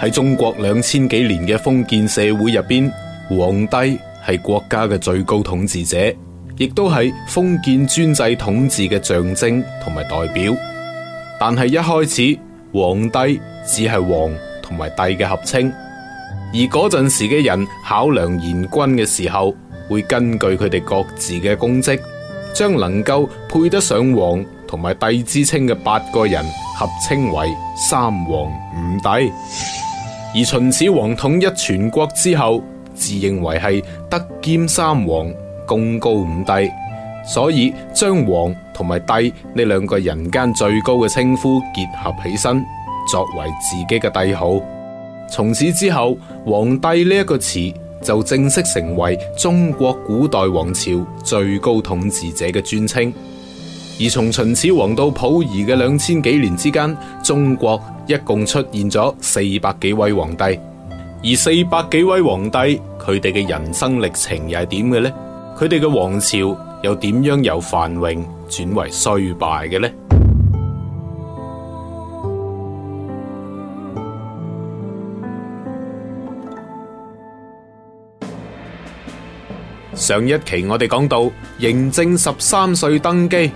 喺中國兩千幾年嘅封建社會入邊，皇帝係國家嘅最高統治者，亦都係封建專制統治嘅象徵同埋代表。但係一開始，皇帝只係皇同埋帝嘅合稱，而嗰陣時嘅人考量賢君嘅時候，會根據佢哋各自嘅功績，將能夠配得上皇同埋帝之稱嘅八個人合稱為三皇五帝。而秦始皇統一全國之後，自認為係德兼三皇，功高五帝，所以將皇同埋帝呢兩個人間最高嘅稱呼結合起身，作爲自己嘅帝號。從此之後，皇帝呢一個詞就正式成爲中國古代王朝最高統治者嘅尊稱。而從秦始皇到溥儀嘅兩千幾年之間，中國一共出現咗四百幾位皇帝。而四百幾位皇帝，佢哋嘅人生歷程又係點嘅呢？佢哋嘅王朝又點樣由繁榮轉為衰敗嘅呢？上一期我哋講到嬴政十三歲登基。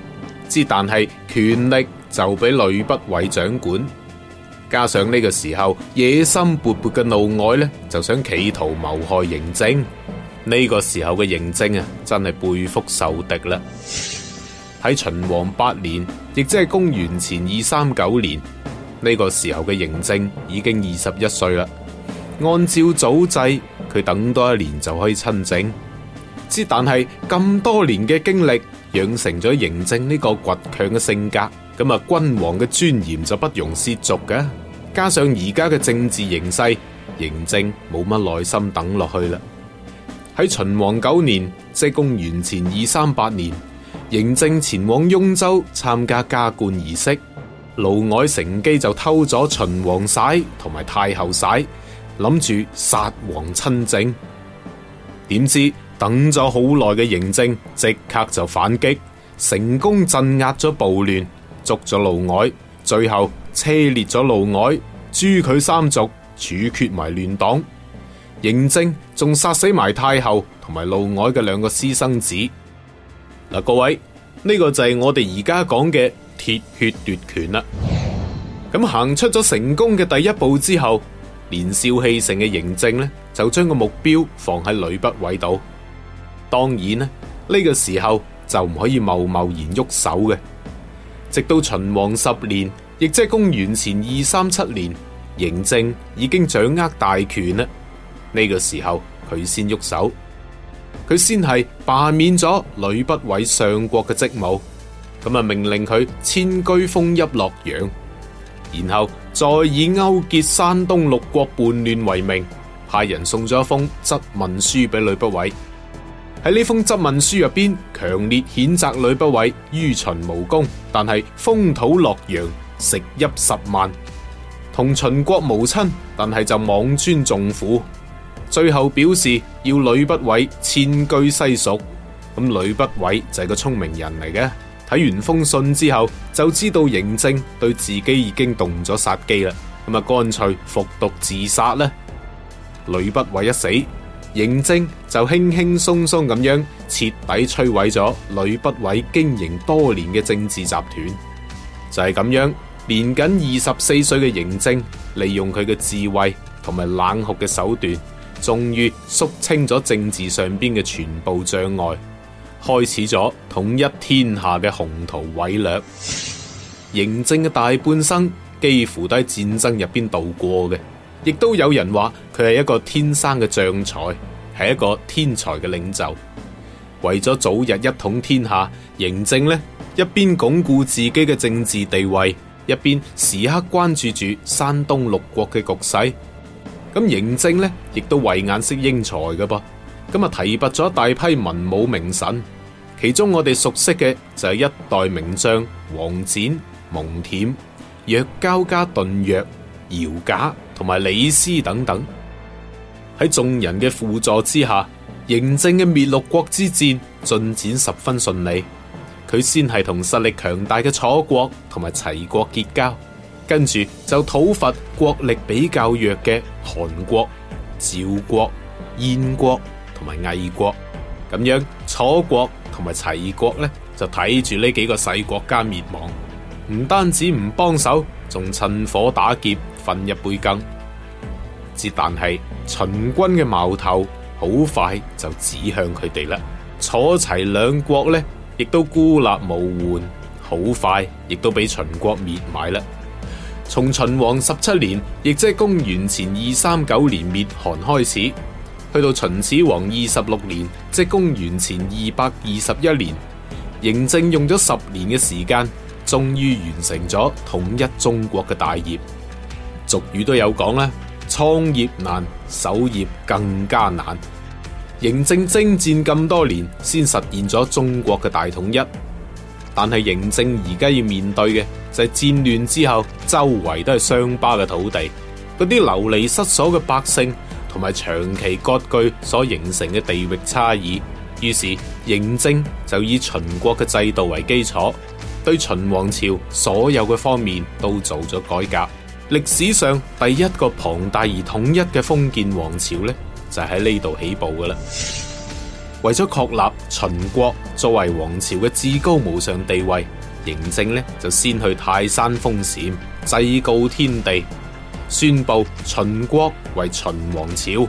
之，但係權力就俾呂不韋掌管。加上呢個時候野心勃勃嘅嫪毐呢就想企圖謀害嬴政。呢個時候嘅嬴政啊，真係背腹受敵啦。喺秦王八年，亦即係公元前二三九年，呢個時候嘅嬴政已經二十一歲啦。按照祖制，佢等多一年就可以親政。之，但係咁多年嘅經歷。養成咗嬴政呢個倔強嘅性格，咁啊君王嘅尊嚴就不容褻瀆嘅。加上而家嘅政治形勢，嬴政冇乜耐心等落去啦。喺秦王九年，即公元前二三八年，嬴政前往雍州參加加冠儀式，嫪毐乘機就偷咗秦王璽同埋太后璽，諗住殺王親政，點知？等咗好耐嘅嬴政即刻就反擊，成功鎮壓咗暴亂，捉咗嫪毐，最後車裂咗嫪毐，誅佢三族，處決埋亂黨。嬴政仲殺死埋太后同埋嫪毐嘅兩個私生子。嗱，各位呢個就係我哋而家講嘅鐵血奪權啦。咁行出咗成功嘅第一步之後，年少氣盛嘅嬴政呢，就將個目標放喺呂不韋度。當然呢個時候就唔可以貿貿然喐手嘅。直到秦王十年，亦即係公元前二三七年，嬴政已經掌握大權啦。呢個時候佢先喐手，佢先係罷免咗呂不韋上國嘅職務，咁啊命令佢遷居封邑洛陽，然後再以勾結山東六國叛亂為名，派人送咗一封質問書俾呂不韋。喺呢封質問書入邊，強烈譴責呂不韋於秦無功，但係封土洛陽，食邑十萬，同秦國無親，但係就妄尊重府。最後表示要呂不韋遷居西蜀。咁呂不韋就係個聰明人嚟嘅，睇完封信之後就知道嬴政對自己已經動咗殺機啦。咁啊，乾脆服毒自殺啦。呂不韋一死。嬴政就輕輕鬆鬆咁樣徹底摧毀咗呂不韋經營多年嘅政治集團，就係咁樣，年僅二十四歲嘅嬴政利用佢嘅智慧同埋冷酷嘅手段，終於肅清咗政治上邊嘅全部障礙，開始咗統一天下嘅宏圖偉略。嬴政嘅大半生幾乎都喺戰爭入邊度過嘅。亦都有人話佢係一個天生嘅將才，係一個天才嘅領袖。為咗早日一統天下，嬴政呢一邊鞏固自己嘅政治地位，一邊時刻關注住山東六國嘅局勢。咁嬴政呢亦都慧眼識英才嘅噃，咁啊提拔咗一大批文武名臣，其中我哋熟悉嘅就係一代名將王翦、蒙恬、若交加、頓弱、姚賈，同埋李斯等等，喺眾人嘅輔助之下，嬴政嘅滅六國之戰進展十分順利。佢先係同實力強大嘅楚國同埋齊國結交，跟住就討伐國力比較弱嘅韓國、趙國、燕國同埋魏國。咁樣，楚國同埋齊國呢，就睇住呢幾個細國家滅亡，唔單止唔幫手，仲趁火打劫。分一杯羹，但係秦軍嘅矛頭好快就指向佢哋啦。楚齊兩國呢，亦都孤立無援，好快亦都俾秦國滅埋啦。從秦王十七年，亦即係公元前二三九年滅韓開始，去到秦始皇二十六年，即公元前二百二十一年，嬴政用咗十年嘅時間，終於完成咗統一中國嘅大業。俗語都有講啦，創業難，守業更加難。嬴政征戰咁多年，先實現咗中國嘅大統一。但係嬴政而家要面對嘅就係戰亂之後，周圍都係傷疤嘅土地，嗰啲流離失所嘅百姓，同埋長期割據所形成嘅地域差異。於是嬴政就以秦國嘅制度為基礎，對秦王朝所有嘅方面都做咗改革。歷史上第一個龐大而統一嘅封建王朝呢，就係喺呢度起步㗎喇。為咗確立秦國作為王朝嘅至高無上地位，嬴政呢就先去泰山封禪，祭告天地，宣布秦國為秦王朝，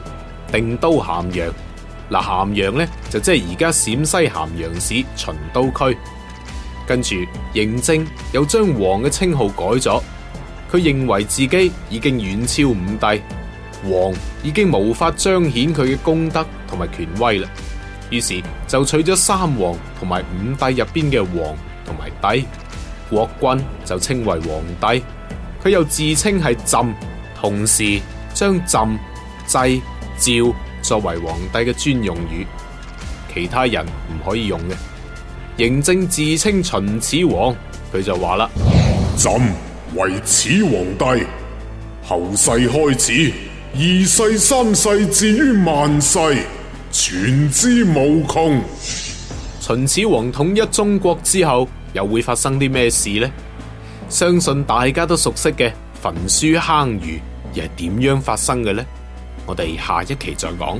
定都咸陽。嗱，咸陽呢，就即係而家陝西咸陽市秦都區。跟住嬴政又將王嘅稱號改咗。佢認為自己已經遠超五帝，皇已經無法彰顯佢嘅功德同埋權威啦。於是就取咗三皇同埋五帝入邊嘅皇同埋帝，國君就稱為皇帝。佢又自稱係朕，同時將朕、制、詔作為皇帝嘅專用語，其他人唔可以用嘅。嬴政自稱秦始皇，佢就話啦：朕。為始皇帝，後世開始，二世三世至于萬世，傳之無窮。秦始皇統一中國之後，又會發生啲咩事呢？相信大家都熟悉嘅焚書坑儒，又係點樣發生嘅呢？我哋下一期再講。